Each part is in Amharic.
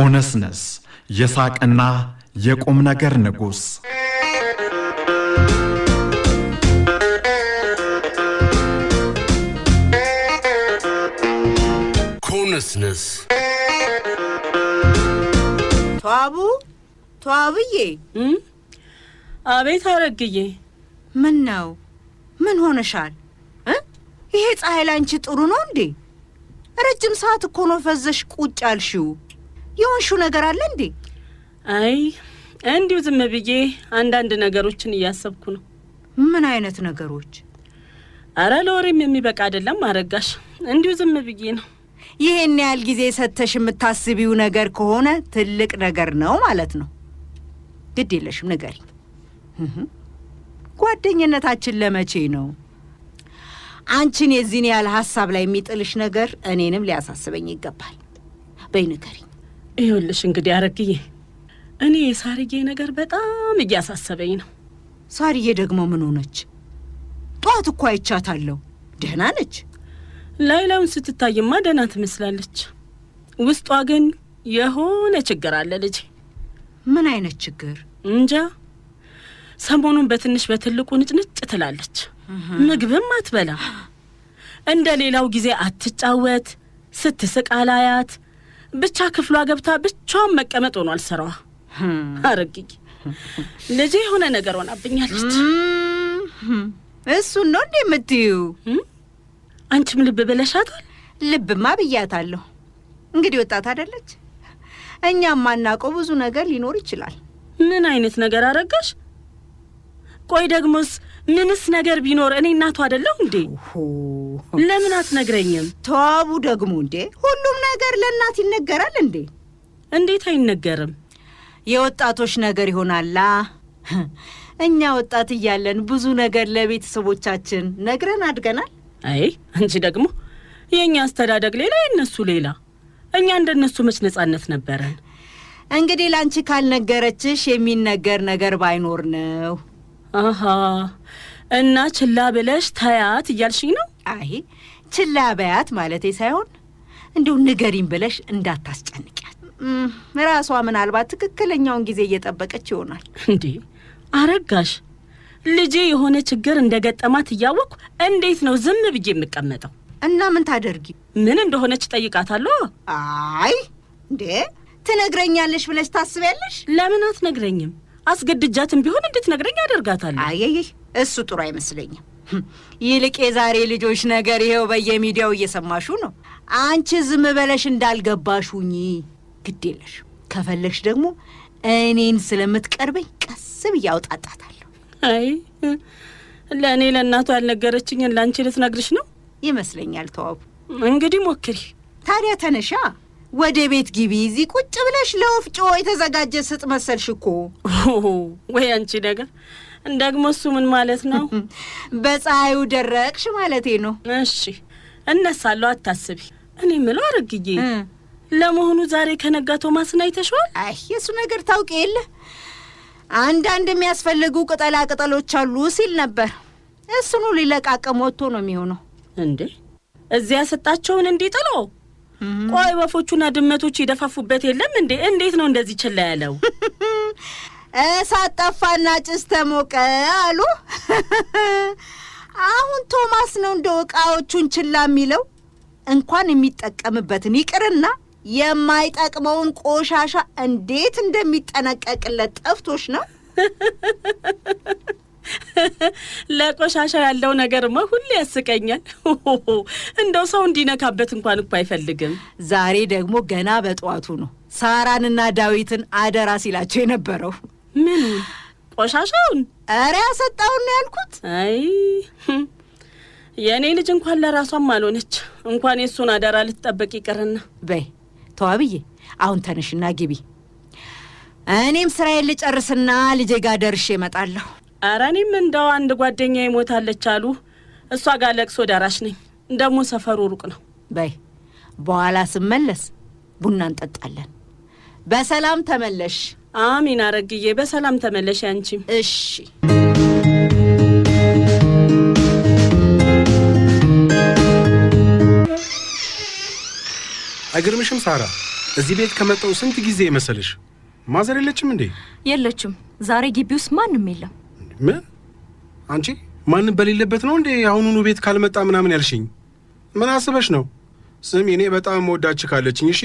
ኮነስነስ የሳቅና የቁም ነገር ንጉሥ ኮነስነስ ተዋቡ ተዋብዬ አቤት አረግዬ ምን ነው ምን ሆነሻል ይሄ ፀሐይ ላንቺ ጥሩ ነው እንዴ ረጅም ሰዓት እኮ ነው ፈዘሽ ቁጭ አልሽው የሆንሹ ነገር አለ እንዴ? አይ እንዲሁ ዝም ብዬ አንዳንድ ነገሮችን እያሰብኩ ነው። ምን አይነት ነገሮች? አረ ለወሬም የሚበቃ አይደለም አረጋሽ፣ እንዲሁ ዝም ብዬ ነው። ይህን ያህል ጊዜ ሰተሽ የምታስቢው ነገር ከሆነ ትልቅ ነገር ነው ማለት ነው። ግድ የለሽም ንገሪኝ። ጓደኝነታችን ለመቼ ነው? አንቺን የዚህን ያህል ሀሳብ ላይ የሚጥልሽ ነገር እኔንም ሊያሳስበኝ ይገባል። በይ ይኸውልሽ እንግዲህ አረግዬ፣ እኔ የሳርዬ ነገር በጣም እያሳሰበኝ ነው። ሳርዬ ደግሞ ምን ሆነች? ጠዋት እኮ አይቻታለሁ። ደህና ነች። ላይ ስትታይማ ደህና ትመስላለች። ውስጧ ግን የሆነ ችግር አለ ልጄ። ምን አይነት ችግር? እንጃ። ሰሞኑን በትንሽ በትልቁ ንጭንጭ ትላለች። ምግብም አትበላ፣ እንደ ሌላው ጊዜ አትጫወት፣ ስትስቅ አላያት ብቻ ክፍሏ ገብታ ብቻዋን መቀመጥ ሆኗል ስራዋ። hm አረግኝ ልጄ የሆነ ነገር ሆናብኛለች። hm እሱን ነው እንዴ የምትዩ? Hm አንቺም ልብ ብለሻታል? ልብማ ብያታለሁ። እንግዲህ ወጣት አይደለች፣ እኛም ማናውቀው ብዙ ነገር ሊኖር ይችላል። ምን አይነት ነገር አረጋሽ? ቆይ ደግሞስ ምንስ ነገር ቢኖር እኔ እናቱ አደለሁ እንዴ? ለምን አትነግረኝም? ተዋቡ ደግሞ እንዴ! ሁሉም ነገር ለእናት ይነገራል እንዴ? እንዴት አይነገርም? የወጣቶች ነገር ይሆናላ። እኛ ወጣት እያለን ብዙ ነገር ለቤተሰቦቻችን ነግረን አድገናል። አይ አንቺ ደግሞ የእኛ አስተዳደግ ሌላ፣ የእነሱ ሌላ። እኛ እንደ እነሱ መች ነጻነት ነበረን? እንግዲህ ላንቺ ካልነገረችሽ የሚነገር ነገር ባይኖር ነው። አሀ እና ችላ ብለሽ ታያት እያልሽኝ ነው? አይ ችላ በያት ማለቴ ሳይሆን እንዲሁ ንገሪም ብለሽ እንዳታስጨንቂያት። ራሷ ምናልባት ትክክለኛውን ጊዜ እየጠበቀች ይሆናል። እንዴ አረጋሽ፣ ልጄ የሆነ ችግር እንደገጠማት እያወቅኩ እንዴት ነው ዝም ብዬ የምቀመጠው? እና ምን ታደርጊ? ምን እንደሆነች ጠይቃታለሁ። አይ እንዴ ትነግረኛለሽ ብለሽ ታስቢያለሽ? ለምን አትነግረኝም? አስገድጃትም ቢሆን እንድትነግረኝ አደርጋታለሁ። አየይ እሱ ጥሩ አይመስለኝም። ይልቅ የዛሬ ልጆች ነገር ይኸው በየሚዲያው እየሰማሹ ነው። አንቺ ዝም በለሽ እንዳልገባሹኝ። ግድ የለሽ ከፈለግሽ ደግሞ እኔን ስለምትቀርበኝ ቀስ ብዬ አውጣጣታለሁ። አይ ለእኔ ለእናቱ ያልነገረችኝን ለአንቺ ልትነግርሽ ነው ይመስለኛል። ተዋቡ እንግዲህ ሞክሪ ታዲያ፣ ተነሻ ወደ ቤት ግቢ። እዚህ ቁጭ ብለሽ ለወፍጮ የተዘጋጀ ስጥ መሰልሽ እኮ። ወይ አንቺ ነገር! እንደግሞ እሱ ምን ማለት ነው? በፀሐዩ ደረቅሽ ማለቴ ነው። እሺ እነሳለሁ፣ አታስቢ። እኔ ምለው አረግዬ፣ ለመሆኑ ዛሬ ከነጋ ቶማስን አይተሽዋል? አይ የእሱ ነገር ታውቅ የለ አንዳንድ የሚያስፈልጉ ቅጠላ ቅጠሎች አሉ ሲል ነበር። እሱኑ ሊለቃቀም ወጥቶ ነው የሚሆነው። እንዴ እዚያ ሰጣቸውን እንዲጥሎ Mm-hmm. ቆይ ወፎቹና ድመቶች ይደፋፉበት የለም እንዴ? እንዴት ነው እንደዚህ ችላ ያለው? እሳት ጠፋና ጭስ ተሞቀ አሉ። አሁን ቶማስ ነው እንደ ዕቃዎቹን ችላ የሚለው። እንኳን የሚጠቀምበትን ይቅርና የማይጠቅመውን ቆሻሻ እንዴት እንደሚጠነቀቅለት ጠፍቶች ነው። ለቆሻሻ ያለው ነገርማ ሁሌ ያስቀኛል። እንደው ሰው እንዲነካበት እንኳን እኮ አይፈልግም። ዛሬ ደግሞ ገና በጠዋቱ ነው ሳራንና ዳዊትን አደራ ሲላቸው የነበረው። ምን ቆሻሻውን? ኧረ ያሰጣውን ነው ያልኩት። አይ የእኔ ልጅ እንኳን ለራሷም አልሆነች፣ እንኳን የእሱን አደራ ልትጠብቅ ይቅርና። በይ ተዋብዬ አሁን ተነሽና ግቢ። እኔም ስራዬን ልጨርስና ልጄ ጋር ደርሼ እመጣለሁ። ኧረ እኔም እንደው አንድ ጓደኛ ይሞታለች አሉ። እሷ ጋር ለቅሶ ደራሽ ነኝ። ደግሞ ሰፈሩ ሩቅ ነው። በይ በኋላ ስመለስ ቡና እንጠጣለን። በሰላም ተመለሽ። አሚን አረግዬ፣ በሰላም ተመለሽ አንቺም። እሺ አይገርምሽም ሳራ? እዚህ ቤት ከመጣው ስንት ጊዜ መሰለሽ። ማዘር የለችም እንዴ? የለችም። ዛሬ ግቢ ውስጥ ማንም የለም። ምን? አንቺ ማንም በሌለበት ነው እንዴ አሁኑኑ ቤት ካልመጣ ምናምን ያልሽኝ? ምን አስበሽ ነው? ስም እኔ በጣም መወዳች ካለችኝ፣ እሺ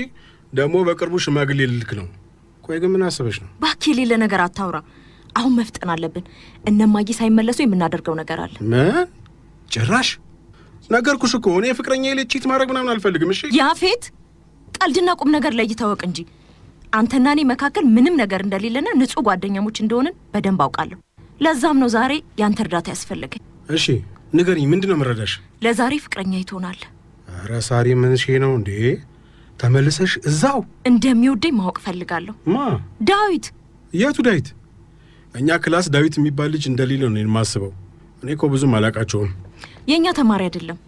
ደግሞ በቅርቡ ሽማግሌ ልልክ ነው። ቆይ ግን ምን አስበሽ ነው? እባክህ የሌለ ነገር አታውራ። አሁን መፍጠን አለብን። እነማጊ ሳይመለሱ የምናደርገው ነገር አለ። ምን? ጭራሽ ነገርኩሽ እኮ እኔ ፍቅረኛ የሌችት ማድረግ ምናምን አልፈልግም። እሺ ያፌት፣ ቀልድና ቁም ነገር ላይ እንጂ አንተና እኔ መካከል ምንም ነገር እንደሌለና ንጹህ ጓደኛሞች እንደሆንን በደንብ አውቃለሁ። ለዛም ነው ዛሬ ያንተ እርዳታ ያስፈልገኝ። እሺ ንገሪኝ፣ ምንድን ነው የምረዳሽ? ለዛሬ ፍቅረኛ ይትሆናል። ኧረ ሳሪ ምንሽ ነው እንዴ? ተመልሰሽ እዛው እንደሚወደኝ ማወቅ ፈልጋለሁ። ማ? ዳዊት። የቱ ዳዊት? እኛ ክላስ ዳዊት የሚባል ልጅ እንደሌለ ነው የማስበው። እኔ እኮ ብዙም አላቃቸውም። የእኛ ተማሪ አይደለም፣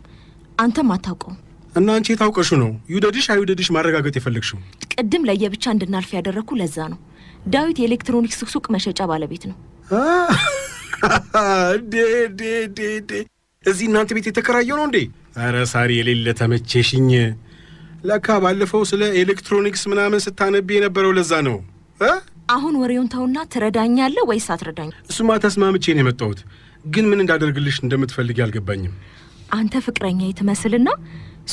አንተም አታውቀውም። እና አንቺ የታውቀሽው ነው ይውደድሽ አይውደድሽ ማረጋገጥ የፈለግሽው። ቅድም ለየብቻ እንድናልፍ ያደረግኩ ለዛ ነው። ዳዊት የኤሌክትሮኒክስ ሱቅ መሸጫ ባለቤት ነው። እንዴ እዚህ እናንተ ቤት የተከራየው ነው እንዴ? ኧረ ሳሪ የሌለ ተመቼሽኝ። ለካ ባለፈው ስለ ኤሌክትሮኒክስ ምናምን ስታነብ የነበረው ለዛ ነው። አሁን ወሬውን ተውና ትረዳኛለህ ወይስ አትረዳኝ? እሱማ ተስማምቼ ነው የመጣሁት፣ ግን ምን እንዳደርግልሽ እንደምትፈልግ አልገባኝም። አንተ ፍቅረኛ የትመስልና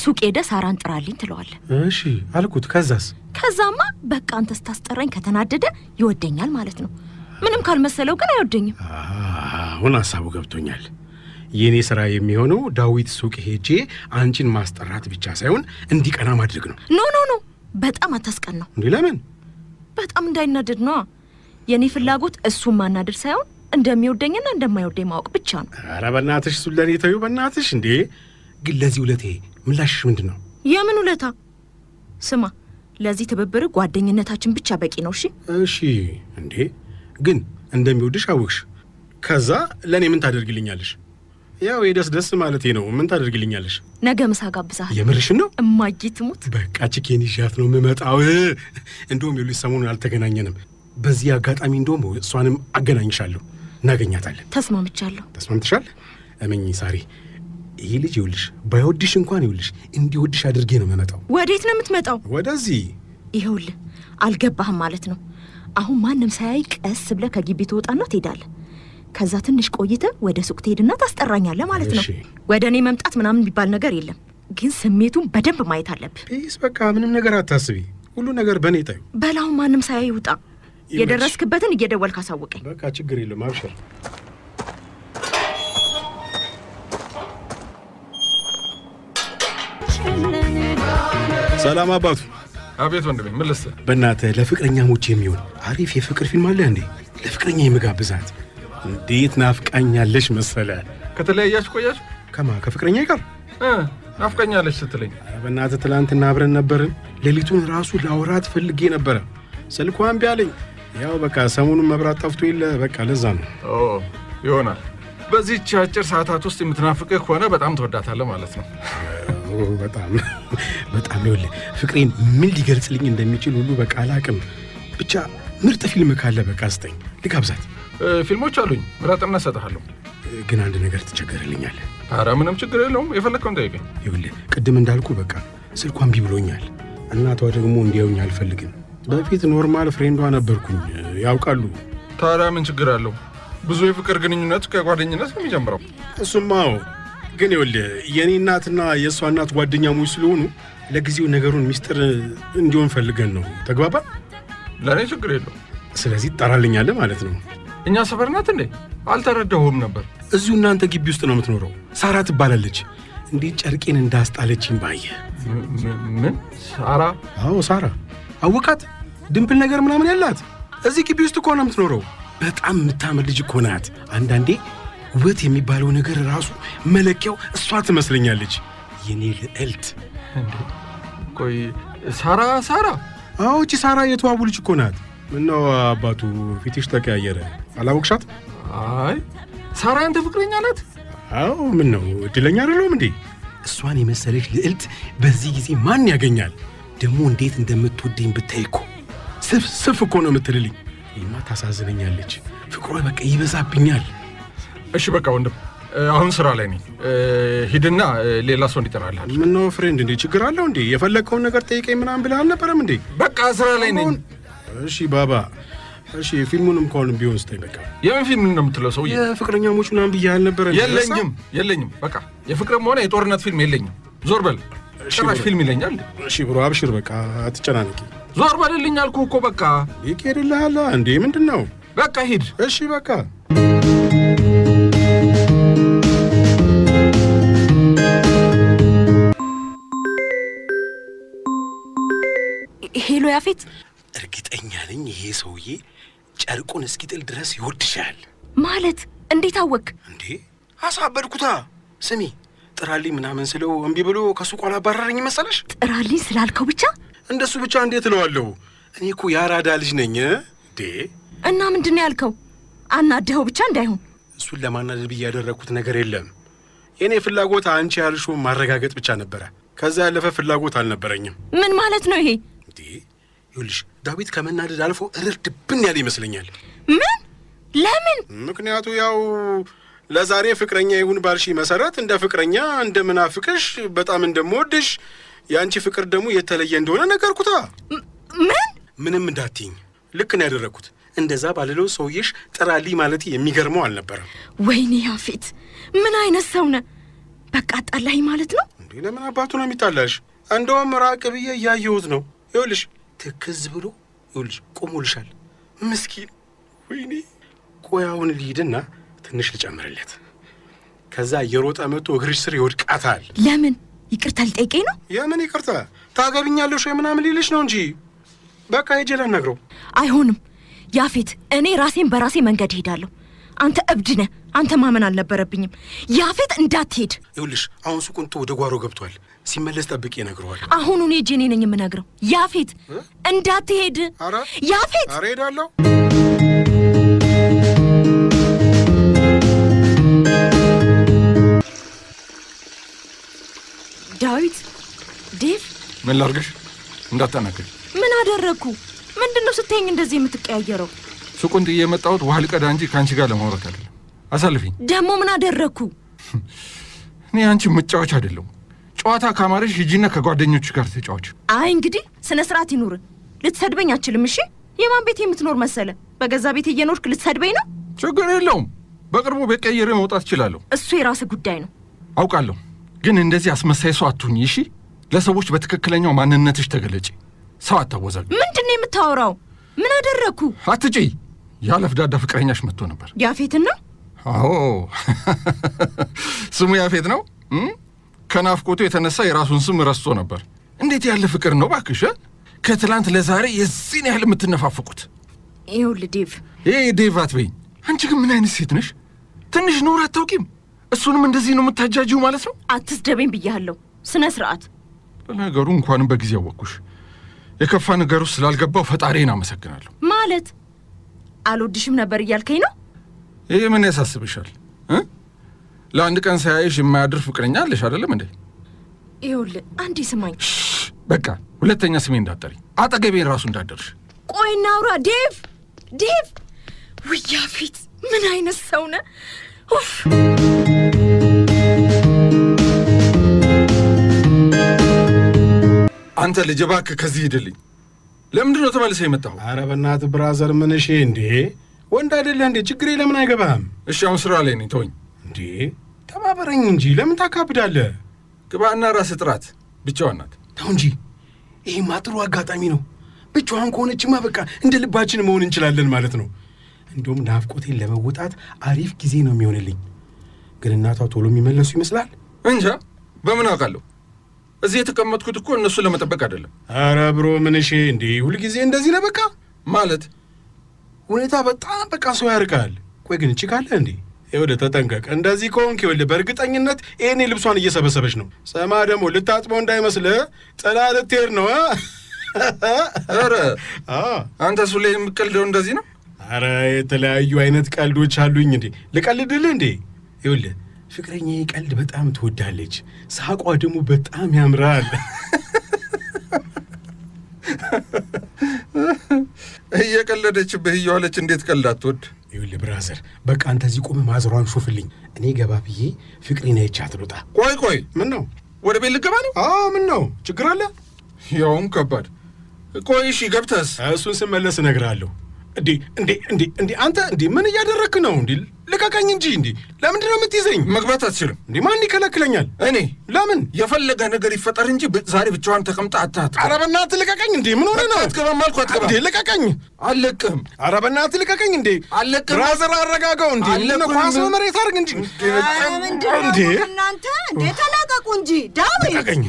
ሱቅ ሄደ ሳራን ጥራልኝ ትለዋለ እሺ አልኩት። ከዛስ? ከዛማ በቃ አንተ ስታስጠራኝ ከተናደደ ይወደኛል ማለት ነው። ምንም ካልመሰለው ግን አይወደኝም። አሁን ሀሳቡ ገብቶኛል። የእኔ ስራ የሚሆነው ዳዊት ሱቅ ሄጄ አንቺን ማስጠራት ብቻ ሳይሆን እንዲቀና ማድረግ ነው። ኖ ኖ ኖ፣ በጣም አታስቀን ነው እንዴ? ለምን? በጣም እንዳይናደድ ነዋ። የእኔ ፍላጎት እሱን ማናደድ ሳይሆን እንደሚወደኝና እንደማይወደኝ ማወቅ ብቻ ነው። አረ በእናትሽ እሱን ለእኔ ተይው በእናትሽ። እንዴ ግን ለዚህ ውለቴ ምላሽሽ ምንድን ነው? የምን ውለታ? ስማ፣ ለዚህ ትብብር ጓደኝነታችን ብቻ በቂ ነው። እሺ እሺ። እንዴ ግን እንደሚወድሽ አውቅሽ። ከዛ ለእኔ ምን ታደርግልኛለሽ? ያው የደስ ደስ ማለት ነው። ምን ታደርግልኛለሽ? ነገ ምሳ ጋብዛሃል። የምርሽን ነው? እማዬ ትሙት፣ በቃ ችኬን ይዣት ነው የምመጣው። እንደውም የሉ ሰሞኑን አልተገናኘንም። በዚህ አጋጣሚ እንደውም እሷንም አገናኝሻለሁ፣ እናገኛታለን። ተስማምቻለሁ። ተስማምትሻል? እመኝ ሳሪ፣ ይህ ልጅ ይውልሽ፣ ባይወድሽ እንኳን ይውልሽ፣ እንዲወድሽ አድርጌ ነው የምመጣው። ወዴት ነው የምትመጣው? ወደዚህ። ይኸውልህ፣ አልገባህም ማለት ነው አሁን ማንም ሳያይ ቀስ ብለህ ከግቢ ትወጣና ትሄዳለህ። ከዛ ትንሽ ቆይተህ ወደ ሱቅ ትሄድና ታስጠራኛለህ ማለት ነው። ወደ እኔ መምጣት ምናምን የሚባል ነገር የለም፣ ግን ስሜቱን በደንብ ማየት አለብህ። ፒስ፣ በቃ ምንም ነገር አታስቢ፣ ሁሉ ነገር በእኔ ጠዩ። በላሁን ማንም ሳያይ ውጣ። የደረስክበትን እየደወልክ አሳውቀኝ። በቃ ችግር የለም አብሽር። ሰላም አባቱ አቤት ወንድሜ፣ ምን ልስጥህ? በእናትህ ለፍቅረኛ ሞች የሚሆን አሪፍ የፍቅር ፊልም አለ እንዴ? ለፍቅረኛ የምጋብዛት እንዴት ናፍቃኛለሽ መሰለ። ከተለያያችሁ ቆያችሁ? ከማ ከፍቅረኛ ጋር ናፍቀኛለች ስትለኝ፣ በእናትህ ትላንትና አብረን ነበርን። ሌሊቱን ራሱ ላውራት ፈልጌ ነበረ፣ ስልኳ እምቢ አለኝ። ያው በቃ ሰሞኑን መብራት ጠፍቶ የለ በቃ ለዛ ነው ይሆናል። በዚህች አጭር ሰዓታት ውስጥ የምትናፍቅህ ከሆነ በጣም ትወዳታለህ ማለት ነው። በጣም በጣም ይወል ፍቅሬን ምን ሊገልጽልኝ እንደሚችል ሁሉ በቃ አላቅም። ብቻ ምርጥ ፊልም ካለ በቃ ስጠኝ፣ ልጋብዛት። ፊልሞች አሉኝ፣ ምራጥና እሰጥሃለሁ። ግን አንድ ነገር ትቸገርልኛለህ። ኧረ ምንም ችግር የለውም፣ የፈለግከውን ጠይቀኝ። ይውል ቅድም እንዳልኩ በቃ ስልኳ እምቢ ብሎኛል። እናቷ ደግሞ እንዲያውኝ አልፈልግም። በፊት ኖርማል ፍሬንዷ ነበርኩኝ፣ ያውቃሉ። ታዲያ ምን ችግር አለው? ብዙ የፍቅር ግንኙነት ከጓደኝነት ነው የሚጀምረው። እሱማው ግን ይኸውልህ የእኔ እናትና የእሷ እናት ጓደኛሞች ስለሆኑ ለጊዜው ነገሩን ሚስጥር እንዲሆን ፈልገን ነው። ተግባባ? ለእኔ ችግር የለው። ስለዚህ ትጠራልኛለህ ማለት ነው። እኛ ሰፈር ናት እንዴ? አልተረዳሁም ነበር። እዚሁ እናንተ ግቢ ውስጥ ነው የምትኖረው። ሳራ ትባላለች። እንዴት ጨርቄን እንዳስጣለችኝ ባየ። ምን ሳራ? አዎ ሳራ። አወቃት? ድንፕል ነገር ምናምን ያላት እዚህ ግቢ ውስጥ እኮ ነው የምትኖረው። በጣም የምታምር ልጅ እኮ ናት። አንዳንዴ ውበት የሚባለው ነገር ራሱ መለኪያው እሷ ትመስለኛለች። የኔ ልዕልት። ቆይ ሳራ ሳራ? አዎች ሳራ የተዋቡ ልጅ እኮ ናት። ምነው አባቱ ፊትሽ ተቀያየረ? አላወቅሻት? አይ ሳራ አንተ ፍቅረኛ ናት? አዎ። ምን ነው እድለኛ አይደለሁም እንዴ? እሷን የመሰለች ልዕልት በዚህ ጊዜ ማን ያገኛል? ደግሞ እንዴት እንደምትወደኝ ብታይ እኮ ስፍ ስፍ እኮ ነው የምትልልኝ። ይማ ታሳዝነኛለች። ፍቅሯ በቃ ይበዛብኛል። እሺ በቃ ወንድም አሁን ስራ ላይ ነኝ። ሂድና ሌላ ሰው እንዲጠራልሃል። ምነው ፍሬንድ፣ እንዴ ችግር አለው እንዴ? የፈለግከውን ነገር ጠይቀኝ ምናምን ብለህ አልነበረም እንዴ? በቃ ስራ ላይ ነኝ። እሺ ባባ፣ እሺ ፊልሙንም ከሆንም ቢሆን ስጠኝ በቃ። የምን ፊልም ነው የምትለው ሰው የፍቅረኛ ሞች ምናምን ብዬ አልነበረ? የለኝም፣ የለኝም። በቃ የፍቅርም ሆነ የጦርነት ፊልም የለኝም። ዞር በል። ጭራሽ ፊልም ይለኛል። እሺ ብሮ አብሽር፣ በቃ አትጨናነቂ። ዞር በልልኝ አልኩህ እኮ በቃ። ይኬድልሃላ እንዴ? ምንድን ነው? በቃ ሂድ። እሺ በቃ ሄሎ ያፌት፣ እርግጠኛ ነኝ ይሄ ሰውዬ ጨርቁን እስኪጥል ድረስ ይወድሻል። ማለት እንዴት አወቅ? እንዴ አሳበድኩታ። ስሚ ጥራልኝ ምናምን ስለው እምቢ ብሎ ቋላ አላባረረኝ መሰለሽ? ጥራልኝ ስላልከው ብቻ እንደሱ ብቻ እንዴት እለዋለሁ? እኔ እኮ የአራዳ ልጅ ነኝ። እንዴ እና ምንድን ነው ያልከው? አናደኸው ብቻ እንዳይሆን። እሱን ለማናደድ ብዬ ያደረግኩት ነገር የለም። የእኔ ፍላጎት አንቺ ያልሽውን ማረጋገጥ ብቻ ነበረ። ከዛ ያለፈ ፍላጎት አልነበረኝም። ምን ማለት ነው ይሄ? እንዴ ይኸውልሽ፣ ዳዊት ከመናደድ አልፎ እርር ድብን ያለ ይመስለኛል። ምን? ለምን? ምክንያቱ ያው ለዛሬ ፍቅረኛ ይሁን ባልሽ መሰረት እንደ ፍቅረኛ እንደምናፍቅሽ በጣም እንደምወድሽ የአንቺ ፍቅር ደግሞ የተለየ እንደሆነ ነገርኩታ። ምን? ምንም እንዳትኝ፣ ልክ ነው ያደረግኩት። እንደዛ ባልለው ሰውዬሽ ጥራሊ ማለት የሚገርመው አልነበረም። ወይኔ ያፌት፣ ምን አይነት ሰው ነ? በቃ አጣላኝ ማለት ነው እንዴ? ለምን አባቱ ነው የሚጣላሽ? እንደውም ራቅ ብዬ እያየሁት ነው ይኸውልሽ ትክዝ ብሎ ይኸውልሽ ቆሞልሻል። ምስኪን ወይኔ። ቆያውን አሁን ልሂድና ትንሽ ልጨምርለት፣ ከዛ የሮጠ መቶ እግርሽ ስር ይወድቃታል። ለምን ይቅርታ ልጠይቄ ነው? የምን ይቅርታ? ታገብኛለሽ ወይ ምናምን ሊልሽ ነው እንጂ። በቃ ሄጄ ነግረው አይሆንም ያፌት፣ እኔ ራሴን በራሴ መንገድ እሄዳለሁ። አንተ እብድ ነህ። አንተ ማመን አልነበረብኝም ያፌት። እንዳትሄድ። ይኸውልሽ አሁን ሱቁንቶ ወደ ጓሮ ገብቷል። ሲመለስ ጠብቄ እነግረዋል። አሁን እኔ ነኝ የምነግረው። ያፌት እንዳትሄድ። ኧረ ያፌት! ኧረ ዳዊት፣ ዴቭ፣ ምን ላድርግሽ? እንዳታናግሪ። ምን አደረግኩ? ምንድን ነው ስትይኝ እንደዚህ የምትቀያየረው? ሱቁን ጥዬ የመጣሁት ውሃ ልቀዳ እንጂ ከአንቺ ጋር ለማውራት አይደለም። አሳልፊኝ። ደግሞ ምን አደረግኩ? እኔ አንቺ መጫወቻ አይደለሁም። ጨዋታ ካማረሽ ሂጂና ከጓደኞች ጋር ተጫዋች። አይ እንግዲህ ስነ ስርዓት ይኑር። ልትሰድበኝ አችልም። እሺ የማን ቤት የምትኖር መሰለ? በገዛ ቤት እየኖርክ ልትሰድበኝ ነው? ችግር የለውም። በቅርቡ ቤት ቀይሬ መውጣት እችላለሁ። እሱ የራስ ጉዳይ ነው አውቃለሁ። ግን እንደዚህ አስመሳይ ሰው አትሁኝ። እሺ ለሰዎች በትክክለኛው ማንነትሽ ተገለጪ። ሰው አታወዛግ። ምንድን ነው የምታወራው? ምን አደረግኩ? አትጪ። ያለፍዳዳ ፍቅረኛሽ መጥቶ ነበር። ያፌትን ነው? አዎ ስሙ ያፌት ነው። ከናፍቆቱ የተነሳ የራሱን ስም ረስቶ ነበር። እንዴት ያለ ፍቅር ነው ባክሽ! ከትላንት ለዛሬ የዚህን ያህል የምትነፋፍቁት? ይኸውልህ ዴቭ፣ ይሄ ዴቭ አትበይኝ። አንቺ ግን ምን አይነት ሴት ነሽ? ትንሽ ኖር አታውቂም? እሱንም እንደዚህ ነው የምታጃጅው ማለት ነው? አትስደበኝ ብያለሁ። ስነ ስርዓት። ለነገሩ እንኳንም በጊዜ አወቅኩሽ። የከፋ ነገር ውስጥ ስላልገባው ፈጣሪን አመሰግናለሁ። ማለት አልወድሽም ነበር እያልከኝ ነው? ይህ ምን ያሳስብሻል? ለአንድ ቀን ሳያይሽ የማያድር ፍቅረኛ አለሽ አይደለም እንዴ? ይኸውልህ አንዴ ስማኝ በቃ ሁለተኛ ስሜ እንዳጠሪ አጠገቤን ራሱ እንዳደርሽ። ቆይ እናውራ። ዴቭ ዴቭ፣ ውያ ፊት ምን አይነት ሰው ነ አንተ ልጅ እባክህ ከዚህ ሂድልኝ። ለምንድን ነው ተመልሰህ የመጣኸው? አረ በእናትህ ብራዘር፣ ምንሽ እንዴ? ወንድ አይደለህ እንዴ? ችግሬ ለምን አይገባህም? እሺ አሁን ስራ ላይ ነኝ፣ ተወኝ እንዴ ተባበረኝ እንጂ ለምን ታካብዳለ? ግባና ራስ ጥራት። ብቻዋን ናት። ተው እንጂ ይሄማ ጥሩ አጋጣሚ ነው። ብቻዋን ከሆነችማ በቃ እንደ ልባችን መሆን እንችላለን ማለት ነው። እንዲሁም ናፍቆቴን ለመወጣት አሪፍ ጊዜ ነው የሚሆንልኝ። ግን እናቷ ቶሎ የሚመለሱ ይመስላል። እንጃ በምን አውቃለሁ? እዚህ የተቀመጥኩት እኮ እነሱን ለመጠበቅ አይደለም። አረ ብሮ ምንሽ እንዴ! ሁልጊዜ እንደዚህ ነው። በቃ ማለት ሁኔታ በጣም በቃ ሰው ያርቃል። ቆይ ግን እቺ ካለ እንዴ ይኸውልህ ተጠንቀቅ። እንደዚህ ከሆንክ ይኸውልህ በእርግጠኝነት ይህኔ ልብሷን እየሰበሰበች ነው። ሰማ ደግሞ ልታጥበው እንዳይመስልህ ጥላ ልትሄድ ነው። ኧረ አንተ እሱ ላይ የምትቀልደው እንደዚህ ነው። አረ የተለያዩ አይነት ቀልዶች አሉኝ። እንዴ ልቀልድልህ እንዴ? ይኸውልህ ፍቅረኛ ቀልድ በጣም ትወዳለች። ሳቋ ደግሞ በጣም ያምራል። እየቀለደችብህ እየዋለች እንዴት ቀልድ አትወድ? ይውል ብራዘር፣ በቃ አንተ እዚህ ቁም፣ ማዝሯን ሹፍልኝ። እኔ ገባ ብዬ ፍቅሬን አይቻት ልውጣ። ቆይ ቆይ፣ ምን ነው ወደ ቤት ልገባ ነው? አዎ፣ ምን ነው ችግር አለ? ያውም ከባድ። ቆይ እሺ፣ ገብተስ እሱን ስመለስ እነግርሃለሁ። እንዴ እንዴ እንዴ እንዴ አንተ እንዴ ምን እያደረክ ነው እንዴ ልቀቀኝ እንጂ እንዴ ለምንድን ነው የምትይዘኝ መግባት አትችልም እንዴ ማን ይከለክለኛል እኔ ለምን የፈለገ ነገር ይፈጠር እንጂ ዛሬ ብቻዋን ተቀምጣ አታት ኧረ በእናትህ ልቀቀኝ እንዴ ምን ሆነ ነው አትገባም አልኩህ አትገባም እንዴ ልቀቀኝ አልለቅህም ኧረ በእናትህ ልቀቀኝ እንዴ አልለቅህም ራዘር አረጋጋው እንዴ ምን ኳስ መሬት አድርግ እንጂ እንዴ እናንተ እንዴ ተላቀቁ እንጂ ዳዊ ልቀቀኝ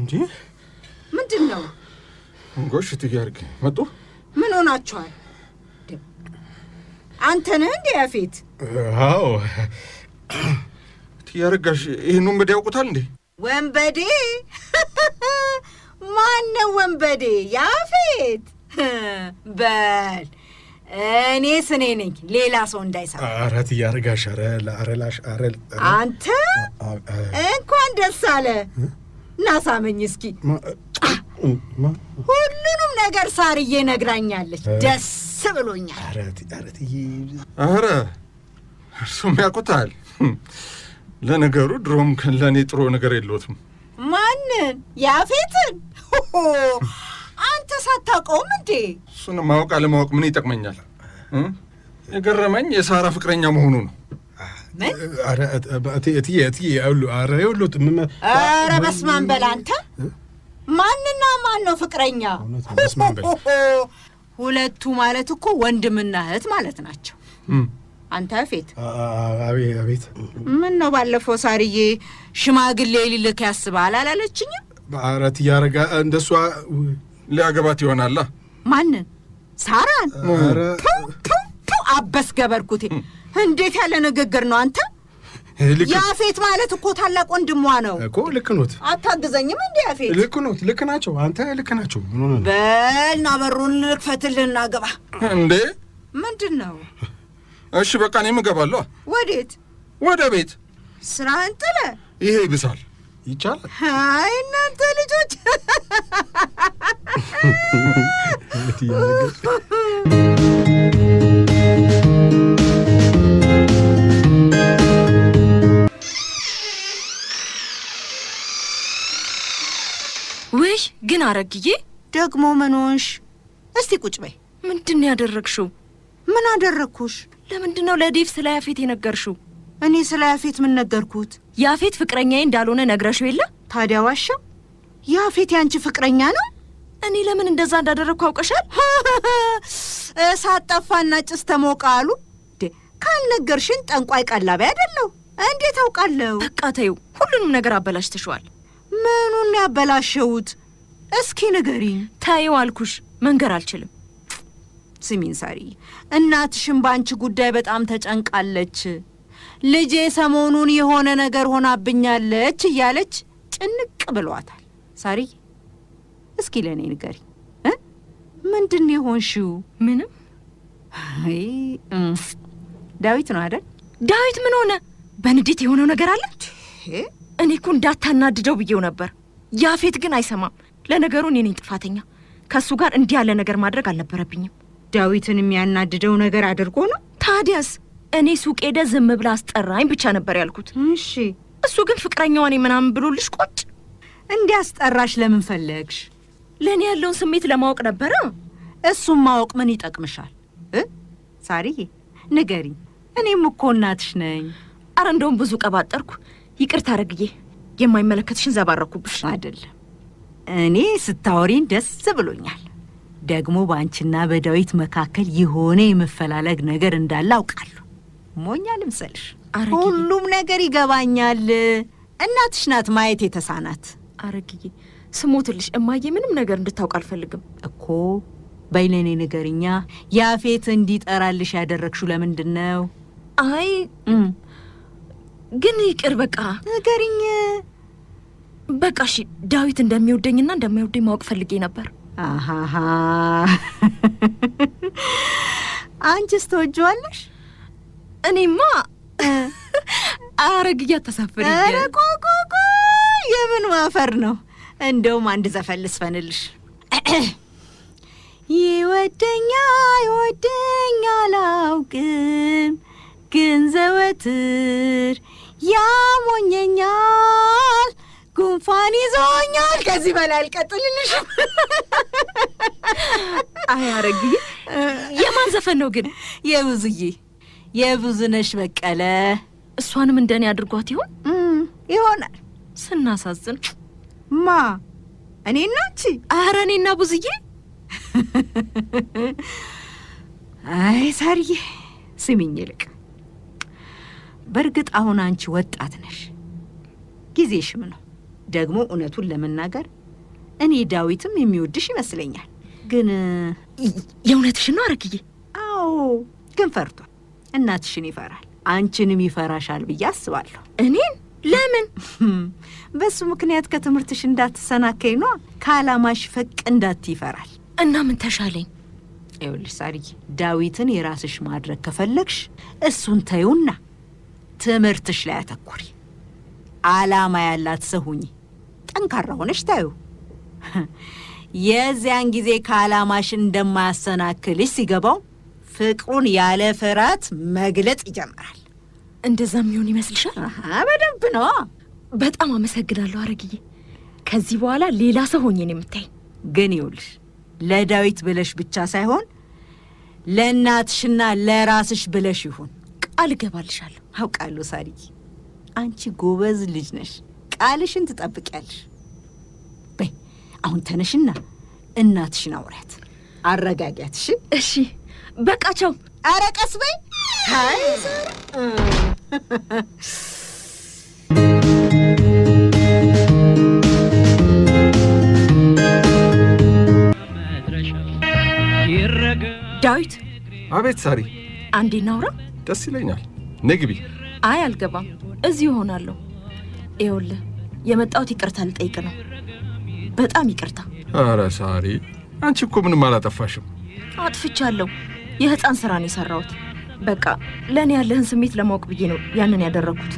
እንዴ ምንድን ነው ጎሽ ትያርግ መጡ ምን ሆናችኋል? አንተ ነህ እንዴ ያፌት? አዎ። ትያርጋሽ ይህን ወንበዴ ያውቁታል እንዴ? ወንበዴ ማነው ወንበዴ? ያፌት በል እኔ ስኔ ነኝ፣ ሌላ ሰው እንዳይሰራ። ኧረ ትያረጋሽ፣ ኧረ ላሽ፣ ኧረ አንተ እንኳን ደስ አለ። ናሳመኝ እስኪ ሁሉንም ነገር ሳርዬ ነግራኛለች። ደስ ብሎኛል። ኧረ እርሱም ያውቁታል። ለነገሩ ድሮም ለእኔ ጥሩ ነገር የለትም። ማንን? ያፌትን? አንተ ሳታውቀውም እንዴ? እሱን ማወቅ አለማወቅ ምን ይጠቅመኛል? የገረመኝ የሳራ ፍቅረኛ መሆኑ ነው። ምን? ኧረ በስመ አብ በል አንተ ማንና ማን ነው ፍቅረኛ? ሁለቱ ማለት እኮ ወንድምና እህት ማለት ናቸው። አንተ ፌት አቤት። ምን ነው ባለፈው ሳርዬ ሽማግሌ ሊልክ ያስባል አላለችኝም? በአረት እያረጋ እንደሷ ሊያገባት ይሆናላ። ማንን? ሳራን። ተው አበስ ገበርኩቴ! እንዴት ያለ ንግግር ነው አንተ ያፌት ማለት እኮ ታላቅ ወንድሟ ነው እኮ። ልክ ኖት። አታግዘኝም እንደ ያፌት። ልክ ኖት። ልክ ናቸው። አንተ ልክ ናቸው። በልና በሩን ልክፈትልህና ግባ። እንዴ ምንድን ነው? እሺ በቃ እኔም እገባለሁ። ወዴት? ወደ ቤት። ስራህን ጥለ። ይሄ ይብሳል። ይቻላል። አይ እናንተ ልጆች እያለገ ግን አረግዬ ደግሞ ምንሽ? እስቲ ቁጭ በይ። ምንድን ያደረግሽው? ምን አደረግኩሽ? ለምንድን ነው ለዴቭ ስለ ያፌት የነገርሽው? እኔ ስለ ያፌት ምን ነገርኩት? ያፌት ፍቅረኛዬ እንዳልሆነ ነግረሽው የለ? ታዲያ ዋሻው ያፌት ያንቺ ፍቅረኛ ነው? እኔ ለምን እንደዛ እንዳደረግኩ አውቀሻል? እሳት ጠፋና ጭስ ተሞቀ አሉ። ካልነገርሽን ጠንቋይ ቀላቢ አይደለሁ እንዴት አውቃለሁ? በቃ ተይው፣ ሁሉንም ነገር አበላሽተሽዋል። ምኑን ያበላሸውት እስኪ ንገሪኝ። ታየው አልኩሽ፣ መንገር አልችልም። ስሚኝ ሳሪ፣ እናትሽም በአንቺ ጉዳይ በጣም ተጨንቃለች። ልጄ ሰሞኑን የሆነ ነገር ሆናብኛለች እያለች ጭንቅ ብሏታል። ሳሪ፣ እስኪ ለእኔ ንገሪ፣ ምንድን የሆንሽው? ምንም። ዳዊት ነው አይደል? ዳዊት ምን ሆነ? በንዴት የሆነው ነገር አለ። እኔ እኮ እንዳታናድደው ብዬው ነበር። ያፌት ግን አይሰማም። ለነገሩ እኔ ነኝ ጥፋተኛ። ከእሱ ጋር እንዲህ ያለ ነገር ማድረግ አልነበረብኝም። ዳዊትን የሚያናድደው ነገር አድርጎ ነው። ታዲያስ እኔ ሱቅ ሄደ ዝም ብላ አስጠራኝ ብቻ ነበር ያልኩት። እሺ እሱ ግን ፍቅረኛዋ ነኝ ምናምን ብሎልሽ ቆጭ። እንዲያስጠራሽ ለምን ፈለግሽ? ለእኔ ያለውን ስሜት ለማወቅ ነበረ። እሱም ማወቅ ምን ይጠቅምሻል? ሳሪዬ ንገሪ፣ እኔም እኮ እናትሽ ነኝ። አረ እንደውም ብዙ ቀባጠርኩ። ይቅርታ አረግዬ፣ የማይመለከትሽን ዘባረኩብሽ አይደለም እኔ ስታወሪን ደስ ብሎኛል። ደግሞ በአንቺና በዳዊት መካከል የሆነ የመፈላለግ ነገር እንዳለ አውቃለሁ። ሞኛ ልምሰልሽ? ሁሉም ነገር ይገባኛል። እናትሽ ናት ማየት የተሳናት። አረግዬ ስሞትልሽ፣ እማዬ ምንም ነገር እንድታውቅ አልፈልግም እኮ። በይለኔ ነገርኛ ያፌት እንዲጠራልሽ ያደረግሽው ለምንድን ነው? አይ ግን ይቅር በቃ ነገርኝ በቃ እሺ፣ ዳዊት እንደሚወደኝና እንደማይወደኝ ማወቅ ፈልጌ ነበር። አሃሃ አንቺስ ተወጂዋለሽ? እኔማ አረግ እያታሳፈሪ። ኧረ ቆይ የምን ማፈር ነው? እንደውም አንድ ዘፈን ልስፈንልሽ። ይወደኛ ይወደኛ አላውቅም፣ ግን ዘወትር ያሞኘኛል ጉንፋን ይዞኛል። ከዚህ በላይ አልቀጥልልሽም። አይ አረግዬ፣ የማን ዘፈን ነው ግን? የብዙዬ የብዙነሽ በቀለ። እሷንም እንደኔ አድርጓት ይሆን ይሆናል። ስናሳዝን ማ እኔና አንቺ? አረ እኔና ብዙዬ። አይ ሳርዬ ስሚኝ፣ ይልቅ በእርግጥ አሁን አንቺ ወጣት ነሽ፣ ጊዜሽም ነው ደግሞ እውነቱን ለመናገር እኔ ዳዊትም የሚወድሽ ይመስለኛል። ግን የእውነትሽን ነው አረግዬ? አዎ፣ ግን ፈርቷል። እናትሽን ይፈራል፣ አንቺንም ይፈራሻል ብዬ አስባለሁ። እኔን ለምን? በሱ ምክንያት ከትምህርትሽ እንዳትሰናከኝ ኗ፣ ከአላማሽ ፈቅ እንዳት ይፈራል። እና ምን ተሻለኝ? ይኸውልሽ ሳርዬ፣ ዳዊትን የራስሽ ማድረግ ከፈለግሽ እሱን ተዩና ትምህርትሽ ላይ አተኩሪ። አላማ ያላት ሰው ሁኚ። ጠንካራ ሆነሽ ታዩ። የዚያን ጊዜ ከዓላማሽ እንደማያሰናክልሽ ሲገባው ፍቅሩን ያለ ፍርሃት መግለጽ ይጀምራል። እንደዛ የሚሆን ይመስልሻል? በደንብ ነው። በጣም አመሰግናለሁ አረግዬ። ከዚህ በኋላ ሌላ ሰው ሆኜ ነው የምታይ። ግን ይውልሽ ለዳዊት ብለሽ ብቻ ሳይሆን ለእናትሽና ለራስሽ ብለሽ ይሁን። ቃል እገባልሻለሁ። አውቃለሁ ሳሪ፣ አንቺ ጎበዝ ልጅ ነሽ። ቃልሽን ትጠብቂያለሽ። በይ አሁን ተነሽና እናትሽን አውሪያት፣ አረጋጊያት። እሺ በቃ ቸው ኧረ ቀስ በይ። አይ ዳዊት። አቤት ሳሪ። አንዴ እናውራ። ደስ ይለኛል። ነግቢ። አይ አልገባም፣ እዚህ እሆናለሁ። ይኸውልህ የመጣሁት ይቅርታ ልጠይቅ ነው። በጣም ይቅርታ። አረ ሳሪ፣ አንቺ እኮ ምንም አላጠፋሽም። አጥፍቻለሁ። የህፃን ስራ ነው የሰራሁት። በቃ ለእኔ ያለህን ስሜት ለማወቅ ብዬ ነው ያንን ያደረግኩት።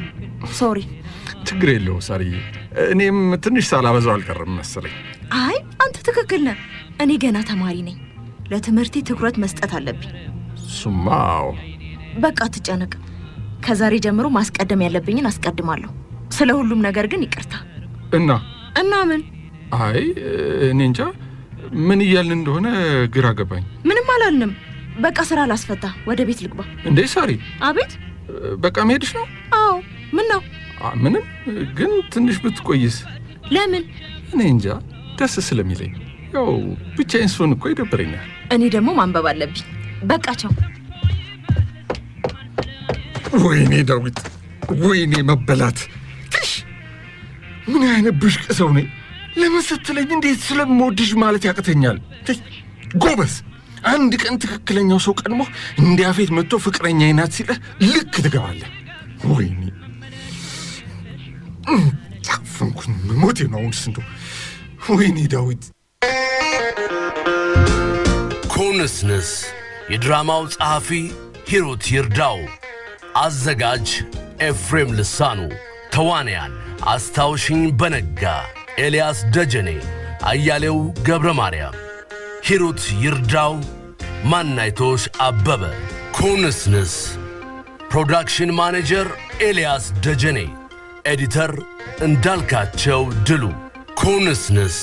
ሶሪ። ችግር የለው ሳሪ፣ እኔም ትንሽ ሳላበዛው አልቀርም መሰለኝ። አይ አንተ ትክክል ነህ። እኔ ገና ተማሪ ነኝ። ለትምህርቴ ትኩረት መስጠት አለብኝ። ሱማው በቃ ትጨነቅ ከዛሬ ጀምሮ ማስቀደም ያለብኝን አስቀድማለሁ። ስለ ሁሉም ነገር ግን ይቅርታ። እና እና ምን? አይ እኔ እንጃ ምን እያልን እንደሆነ ግራ ገባኝ። ምንም አላልንም። በቃ ስራ ላስፈታ፣ ወደ ቤት ልግባ። እንዴ ሳሪ! አቤት። በቃ መሄድሽ ነው? አዎ። ምን ነው? ምንም። ግን ትንሽ ብትቆይስ? ለምን? እኔ እንጃ ደስ ስለሚለኝ። ያው ብቻዬን ስሆን እኮ ይደብረኛል። እኔ ደግሞ ማንበብ አለብኝ። በቃ ቻው። ወይኔ ዳዊት፣ ወይኔ መበላት ምን አይነት ብሽቅ ሰው ነኝ! ለምን ስትለኝ እንዴት ስለምወድሽ ማለት ያቅተኛል። ጎበዝ አንድ ቀን ትክክለኛው ሰው ቀድሞ እንዲያፌት መጥቶ ፍቅረኛ ይናት ሲለ ልክ ትገባለህ። ወይኔ ጣፍንኩኝ፣ መሞቴ ነው አሁንስ። እንደው ወይኔ ዳዊት ኮነስነስ የድራማው ጸሐፊ ሂሩት ይርዳው፣ አዘጋጅ ኤፍሬም ልሳኑ ተዋንያን አስታውሽኝ በነጋ፣ ኤልያስ ደጀኔ፣ አያሌው ገብረ ማርያም፣ ሂሩት ይርዳው፣ ማናይቶሽ አበበ፣ ኩንስንስ፣ ፕሮዳክሽን ማኔጀር ኤልያስ ደጀኔ፣ ኤዲተር እንዳልካቸው ድሉ። ኩንስንስ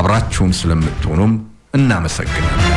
አብራችሁን ስለምትሆኑም እናመሰግናለን።